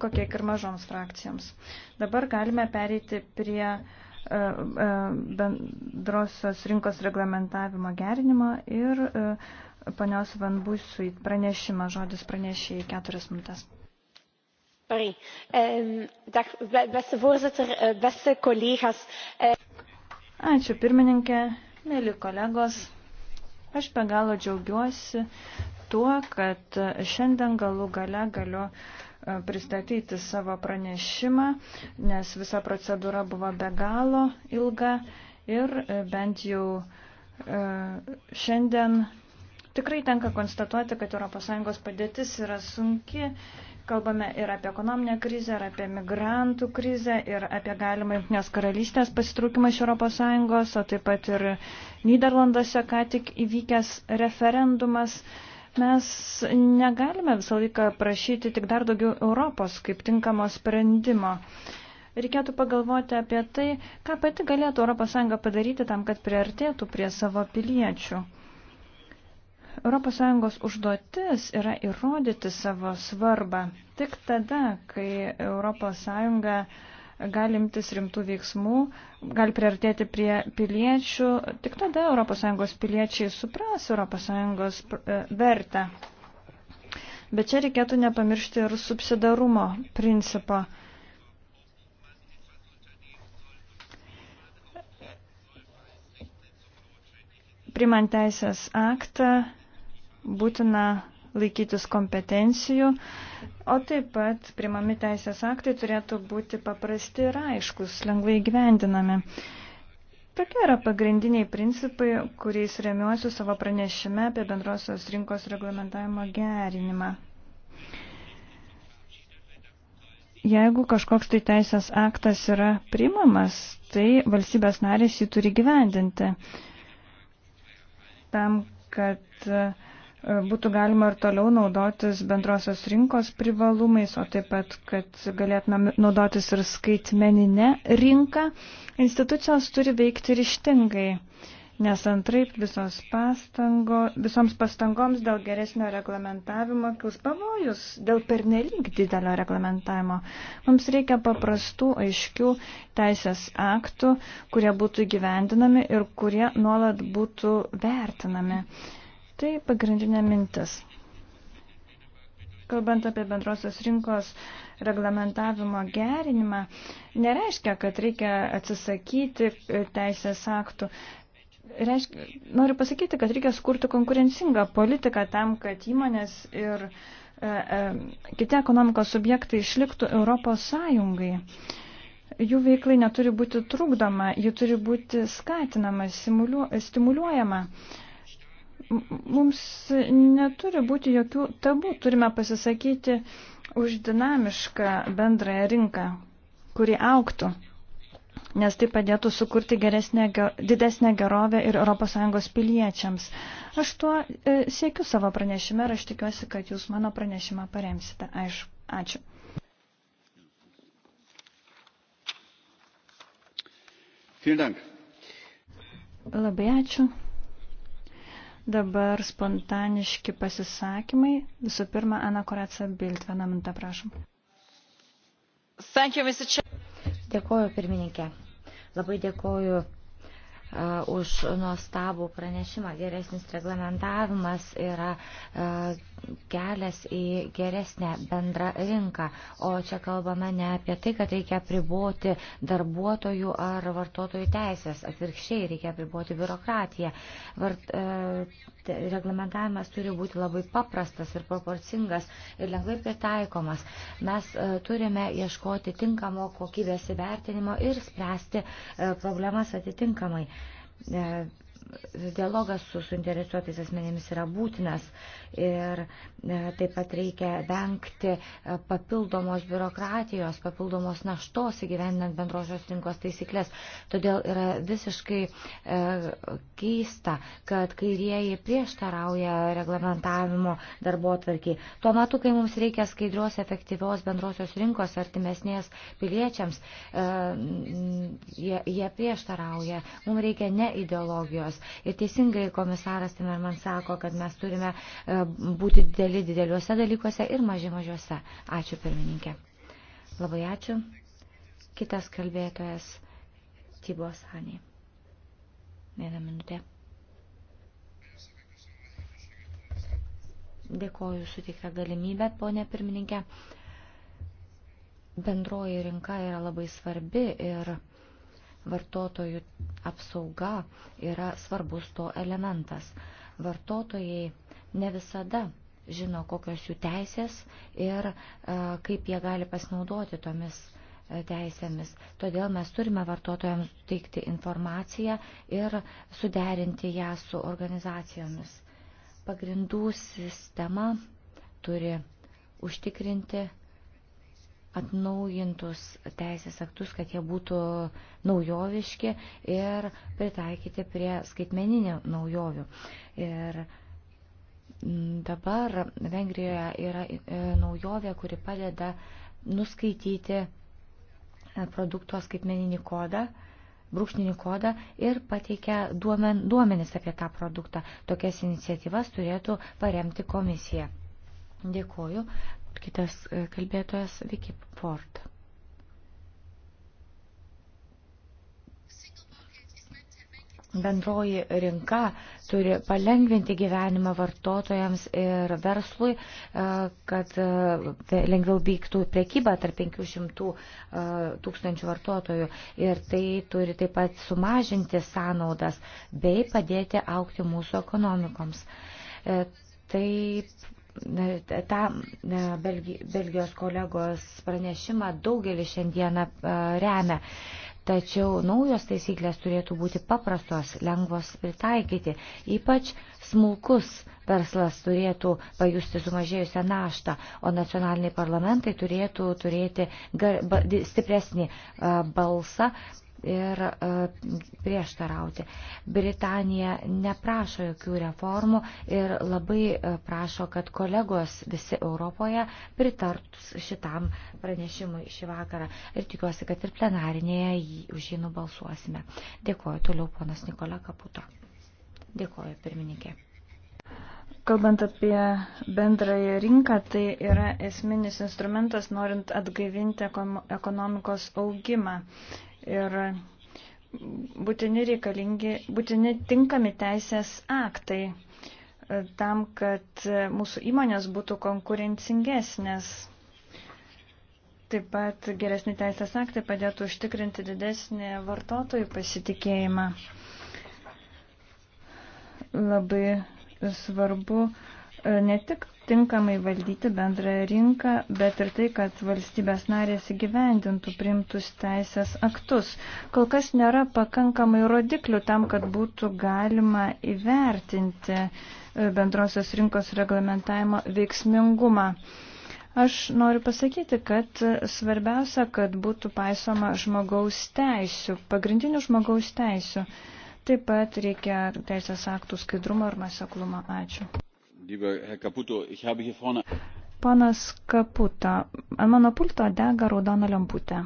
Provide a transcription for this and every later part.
kokie ir mažoms frakcijoms. Dabar galime pereiti prie e, e, bendrosios rinkos reglamentavimo gerinimo ir e, panios Van Busui pranešimą, žodis pranešė į keturias minutės. Ačiū pirmininkė, mėly kolegos. Aš be galo džiaugiuosi tuo, kad šiandien galų gale galiu uh, E, pristatyti savo pranešimą, nes visa procedūra buvo be galo ilga ir e, bent jau e, šiandien tikrai tenka konstatuoti, kad ES padėtis yra sunki. Kalbame ir apie ekonominę krizę, ir apie migrantų krizę, ir apie galimą Junktinės karalystės pasitraukimą iš ES, o taip pat ir Niderlanduose ką tik įvykęs referendumas. Uh, Mes negalime visą laiką prašyti tik dar daugiau Europos kaip tinkamo sprendimo. Reikėtų pagalvoti apie tai, ką pati galėtų ES padaryti tam, kad priartėtų prie savo piliečių. ES užduotis yra įrodyti savo svarbą. Tik tada, kai ES galimtis rimtų veiksmų, gali priartėti prie piliečių. Tik tada ES piliečiai supras ES e, vertę. Bet čia reikėtų nepamiršti ir subsidarumo principo. Primant teisės aktą būtina laikytis kompetencijų, O taip pat primami teisės aktai turėtų būti paprasti ir aiškus, lengvai gyvendinami. Tokie yra pagrindiniai principai, kuriais remiuosiu savo pranešime apie bendrosios rinkos reglamentavimo gerinimą. Jeigu kažkoks tai teisės aktas yra primamas, tai valstybės narės jį turi gyvendinti. Tam, kad uh, E, būtų galima ir toliau naudotis bendrosios rinkos privalumais, o taip pat, kad galėtume naudotis ir skaitmeninę rinką. Institucijos turi veikti ryštingai, nes antraip visos pastango, visoms pastangoms dėl geresnio reglamentavimo kils pavojus, dėl pernelyg didelio reglamentavimo. Mums reikia paprastų, aiškių teisės aktų, kurie būtų gyvendinami ir kurie nuolat būtų vertinami. Tai pagrindinė mintis. Kalbant apie bendrosios rinkos reglamentavimo gerinimą, nereiškia, kad reikia atsisakyti teisės aktų. Reiškia, noriu pasakyti, kad reikia skurti konkurencingą politiką tam, kad įmonės ir e, e, kiti ekonomikos subjektai išliktų Europos Sąjungai. Jų veiklai neturi būti trukdoma, ji turi būti skatinama, stimuliuojama. E, mums neturi būti jokių tabų, turime pasisakyti už dinamišką bendrąją rinką, kuri auktų, nes tai padėtų sukurti geresnė, didesnę gerovę ir ES piliečiams. Aš tuo e, siekiu savo pranešime ir aš tikiuosi, kad jūs mano pranešimą paremsite. Aš, ačiū. Vielen Dank. Labai ačiū. Dabar spontaniški pasisakymai. Visų pirma, Ana Koraca Bilt, vieną minutę prašom. Thank you, Mr. Chair. Dėkoju, pirmininkė. Labai dėkoju uh, už nuostabų pranešimą. Geresnis reglamentavimas yra. Uh, kelias į geresnę bendrą rinką. O čia kalbame ne apie tai, kad reikia priboti darbuotojų ar vartotojų teisės. Atvirkščiai reikia priboti biurokratiją. Vart, e, reglamentavimas turi būti labai paprastas ir proporcingas ir lengvai pritaikomas. Mes e, turime ieškoti tinkamo kokybės įvertinimo ir spręsti e, problemas atitinkamai. E, dialogas su suinteresuotais asmenėmis yra būtinas ir e, taip pat reikia vengti e, papildomos biurokratijos, papildomos naštos įgyvendinant bendrosios rinkos taisyklės. Todėl yra visiškai e, keista, kad kairieji prieštarauja reglamentavimo darbo atvarkiai. Tuo metu, kai mums reikia skaidrios, efektyvios bendrosios rinkos artimesnės piliečiams, jie, jie prieštarauja. Mums reikia ne ideologijos tikslus. Ir teisingai komisaras Timerman sako, kad mes turime e, būti dideli dideliuose dalykuose ir maži mažiuose. Ačiū pirmininkė. Labai ačiū. Kitas kalbėtojas Tibo Sanė. Vieną minutę. Dėkoju sutiktą galimybę, ponė pirmininkė. Bendroji rinka yra labai svarbi ir Vartotojų apsauga yra svarbus to elementas. Vartotojai ne visada žino, kokios jų teisės ir e, kaip jie gali pasinaudoti tomis e, teisėmis. Todėl mes turime vartotojams teikti informaciją ir suderinti ją su organizacijomis. Pagrindų sistema turi užtikrinti atnaujintus teisės aktus, kad jie būtų naujoviški ir pritaikyti prie skaitmeninių naujovių. Ir mm, dabar Vengrijoje yra e, naujovė, kuri padeda nuskaityti e, produkto skaitmeninį kodą brūkšninį kodą ir pateikia duomen, duomenis apie tą produktą. Tokias iniciatyvas turėtų paremti komisija. Dėkuoju. Kitas e, kalbėtojas Vicky Ford. Bendroji rinka turi palengvinti gyvenimą vartotojams ir verslui, e, kad e, lengviau vyktų priekyba tarp 500 tūkstančių vartotojų. Ir tai turi taip pat sumažinti sąnaudas bei padėti aukti mūsų ekonomikoms. Taip tą Belgijos kolegos pranešimą daugelis šiandieną remia. Tačiau naujos taisyklės turėtų būti paprastos, lengvos pritaikyti. Ypač smulkus verslas turėtų pajusti sumažėjusią naštą, o nacionaliniai parlamentai turėtų turėti gar, ba, stipresnį a, balsą ir e, prieštarauti. Britanija neprašo jokių reformų ir labai e, prašo, kad kolegos visi Europoje pritartų šitam pranešimui šį vakarą ir tikiuosi, kad ir plenarinėje už jį nubalsuosime. Dėkuoju toliau ponas Nikola Kaputo. Dėkuoju pirmininkė. Kalbant apie bendrąją rinką, tai yra esminis instrumentas norint atgaivinti ekonomikos augimą ir būtini reikalingi, būtini tinkami teisės aktai e, tam, kad mūsų įmonės būtų konkurencingesnės. Taip pat geresni teisės aktai padėtų užtikrinti didesnį vartotojų pasitikėjimą. Labai svarbu e, ne tik tinkamai valdyti bendrąją rinką, bet ir tai, kad valstybės narės įgyvendintų priimtus teisės aktus. Kol kas nėra pakankamai rodiklių tam, kad būtų galima įvertinti e, bendrosios rinkos reglamentavimo veiksmingumą. Aš noriu pasakyti, kad svarbiausia, kad būtų paisoma žmogaus teisių, pagrindinių žmogaus teisių. Taip pat reikia teisės aktų skaidrumo ir nuoseklumo. Ačiū. Ponas Kaputa, ant mano pulto dega raudona lemputė.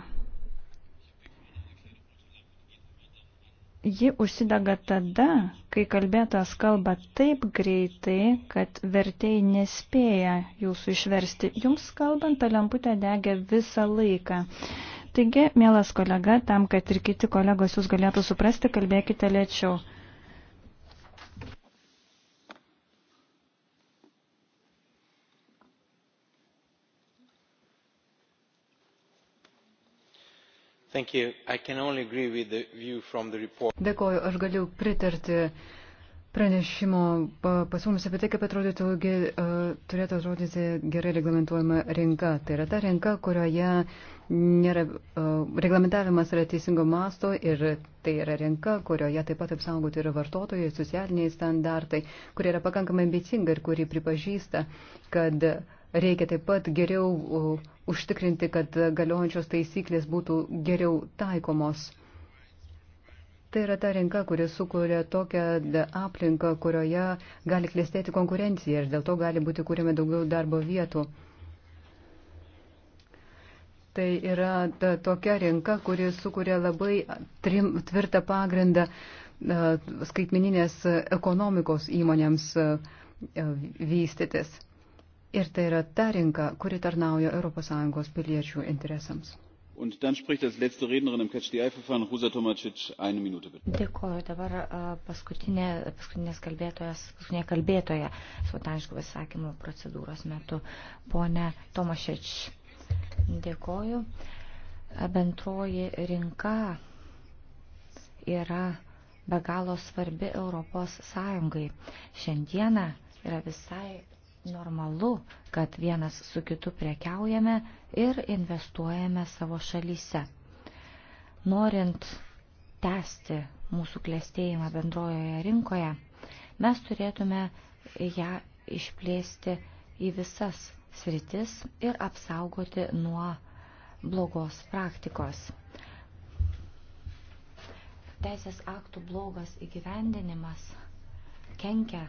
Ji užsidega tada, kai kalbėtas kalba taip greitai, kad vertėjai nespėja jūsų išversti. Jums kalbant, ta lemputė dega visą laiką. Taigi, mielas kolega, tam, kad ir kiti kolegos jūs galėtų suprasti, kalbėkite lėčiau. Dėkoju, aš galiu pritarti pranešimo pasiūlymus apie tai, kaip atrodytų, turėtų atrodyti gerai reglamentuojama rinka. Tai yra ta rinka, kurioje nėra, reglamentavimas yra teisingo masto ir tai yra rinka, kurioje taip pat apsaugoti yra vartotojai, socialiniai standartai, kurie yra pakankamai ambicinga ir kuri pripažįsta, kad reikia taip pat geriau užtikrinti, kad galiojančios taisyklės būtų geriau taikomos. Tai yra ta rinka, kuri sukuria tokią aplinką, kurioje gali klestėti konkurencija ir dėl to gali būti kūrėme daugiau darbo vietų. Tai yra ta, tokia rinka, kuri sukuria labai trim, tvirtą pagrindą skaitmeninės ekonomikos įmonėms vystytis. Ir tai yra ta rinka, kuri tarnauja ES piliečių interesams. Dėkuoju dabar paskutinė, paskutinės kalbėtojas, paskutinė kalbėtoja spontaniškų pasisakymų procedūros metu. Pone Tomašeč, dėkuoju. Bentroji rinka yra be galo svarbi Europos Sąjungai. Šiandieną yra visai normalu, kad vienas su kitu prekiaujame ir investuojame savo šalyse. Norint tęsti mūsų klėstėjimą bendrojoje rinkoje, mes turėtume ją išplėsti į visas sritis ir apsaugoti nuo blogos praktikos. Teisės aktų blogas įgyvendinimas kenkia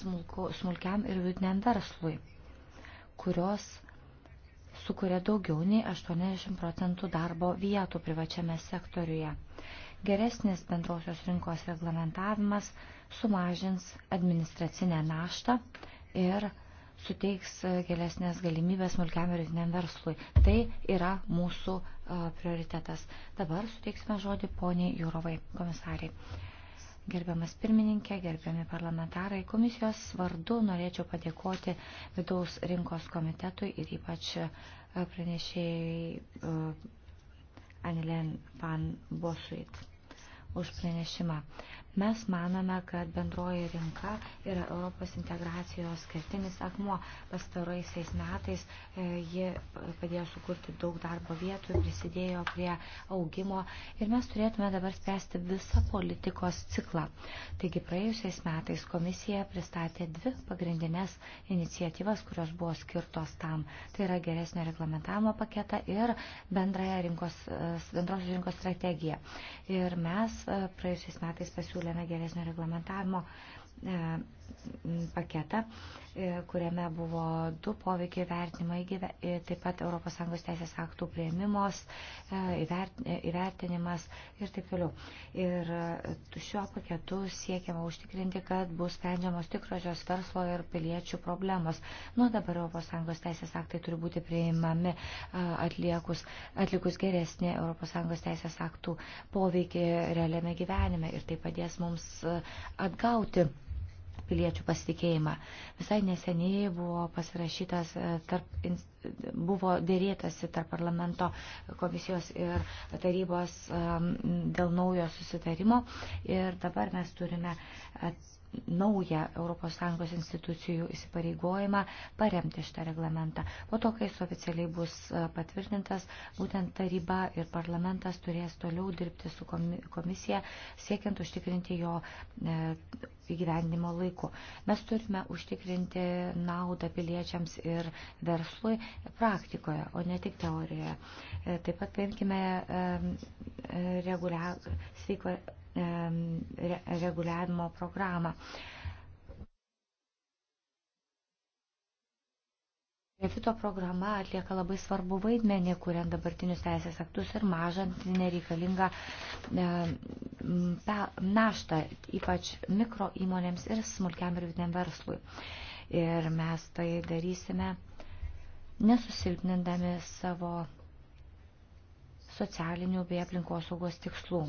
smulku, smulkiam ir vidiniam verslui, kurios sukuria daugiau nei 80 procentų darbo vietų privačiame sektoriuje. Geresnis bendrosios rinkos reglamentavimas sumažins administracinę naštą ir suteiks e, gilesnės galimybės smulkiam ir vidiniam verslui. Tai yra mūsų e, prioritetas. Dabar suteiksime žodį poniai Jūrovai, komisariai. Gerbiamas pirmininkė, gerbiami parlamentarai, komisijos vardu norėčiau padėkoti vidaus rinkos komitetui ir ypač e, pranešėjai e, Anilien Pan Bosuit už pranešimą. Mes manome, kad bendroji rinka yra Europos integracijos kertinis akmuo. Pastaraisiais metais e, ji padėjo sukurti daug darbo vietų, prisidėjo prie augimo ir mes turėtume dabar spręsti visą politikos ciklą. Taigi praėjusiais metais komisija pristatė dvi pagrindinės iniciatyvas, kurios buvo skirtos tam. Tai yra geresnio reglamentavimo paketą ir bendrąją rinkos, e, bendrosios rinkos strategiją. Ir mes e, praėjusiais metais pasiūlėme pasiūlėme geresnio reglamentavimo e, paketą, e, kuriame buvo du poveikiai vertinimai, e, taip pat ES teisės aktų prieimimos, e, įvertinimas ir taip toliau. Ir šiuo paketu siekiama užtikrinti, kad bus sprendžiamos tikrosios verslo ir piliečių problemos. Nuo dabar ES teisės aktai turi būti priimami atliekus, atlikus geresnį ES teisės aktų poveikį realiame gyvenime ir tai padės mums atgauti piliečių pasitikėjimą. Visai neseniai buvo pasirašytas e, tarp institucijų buvo dėrėtasi tarp parlamento komisijos ir tarybos um, dėl naujo susitarimo ir dabar mes turime naują ES institucijų įsipareigojimą paremti šitą reglamentą. Po to, kai jis oficialiai bus uh, patvirtintas, būtent taryba ir parlamentas turės toliau dirbti su komisija, siekiant užtikrinti jo e, įgyvendimo laiku. Mes turime užtikrinti naudą piliečiams ir verslui praktikoje, o ne tik teorijoje. E, taip pat paimkime e, e, regulia, sveiko reguliavimo programą. Refito programa atlieka labai svarbu vaidmenį, kuriant dabartinius teisės aktus ir mažant nereikalingą e, naštą, ypač mikro įmonėms ir smulkiam ir vidiniam verslui. Ir mes tai darysime e, nesusilpnindami savo socialinių bei aplinkosaugos tikslų.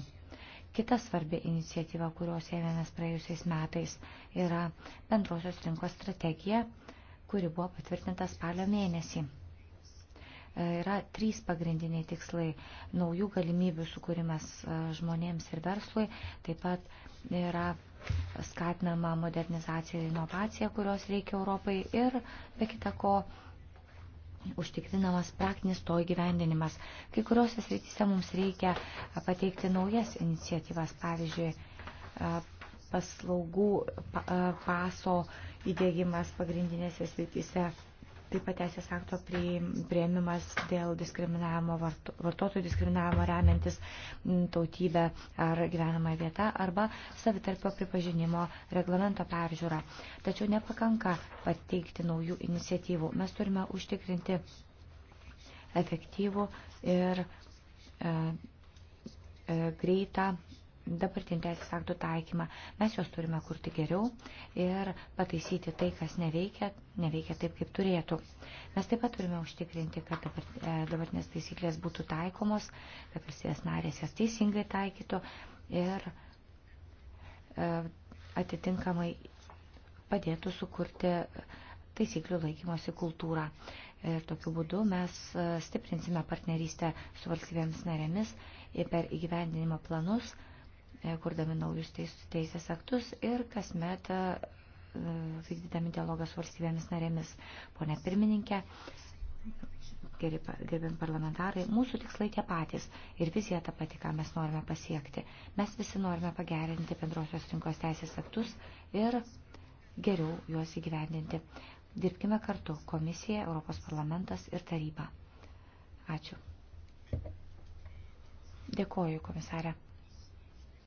Kita svarbi iniciatyva, kurios ėmėmės praėjusiais metais, yra bendrosios rinkos strategija, kuri buvo patvirtinta spalio mėnesį. E, yra trys pagrindiniai tikslai - naujų galimybių sukūrimas e, žmonėms ir verslui, taip pat yra skatinama modernizacija ir inovacija, kurios reikia Europai ir be kita ko užtikrinamas praktinis to įgyvendinimas. Kai kuriuose srityse mums reikia pateikti naujas iniciatyvas, pavyzdžiui, paslaugų paso įdėgymas pagrindinėse srityse Taip pat teisės akto prieimimas dėl diskriminavimo, vartotojų diskriminavimo remiantis tautybę ar gyvenamą vietą arba savitarpio pripažinimo reglamento peržiūra. Tačiau nepakanka pateikti naujų iniciatyvų. Mes turime užtikrinti efektyvų ir e, e, greitą dabartinį teisės aktų taikymą. Mes juos turime kurti geriau ir pataisyti tai, kas neveikia, neveikia taip, kaip turėtų. Mes taip pat turime užtikrinti, kad e, dabartinės taisyklės būtų taikomos, kad valstybės narės jas teisingai taikytų ir e, atitinkamai padėtų sukurti taisyklių laikymosi kultūrą. Ir tokiu būdu mes e, stiprinsime partnerystę su valstybėmis narėmis ir per įgyvendinimo planus E, kurdami naujus teisės aktus ir kasmet e, vykdydami dialogą su valstybėmis narėmis. Pone pirmininkė, gerbiam parlamentarai, mūsų tikslai tie patys ir vizija ta pati, ką mes norime pasiekti. Mes visi norime pagerinti bendrosios rinkos teisės aktus ir geriau juos įgyvendinti. Dirbkime kartu – komisija, Europos parlamentas ir taryba. Ačiū. Dėkoju, komisarė.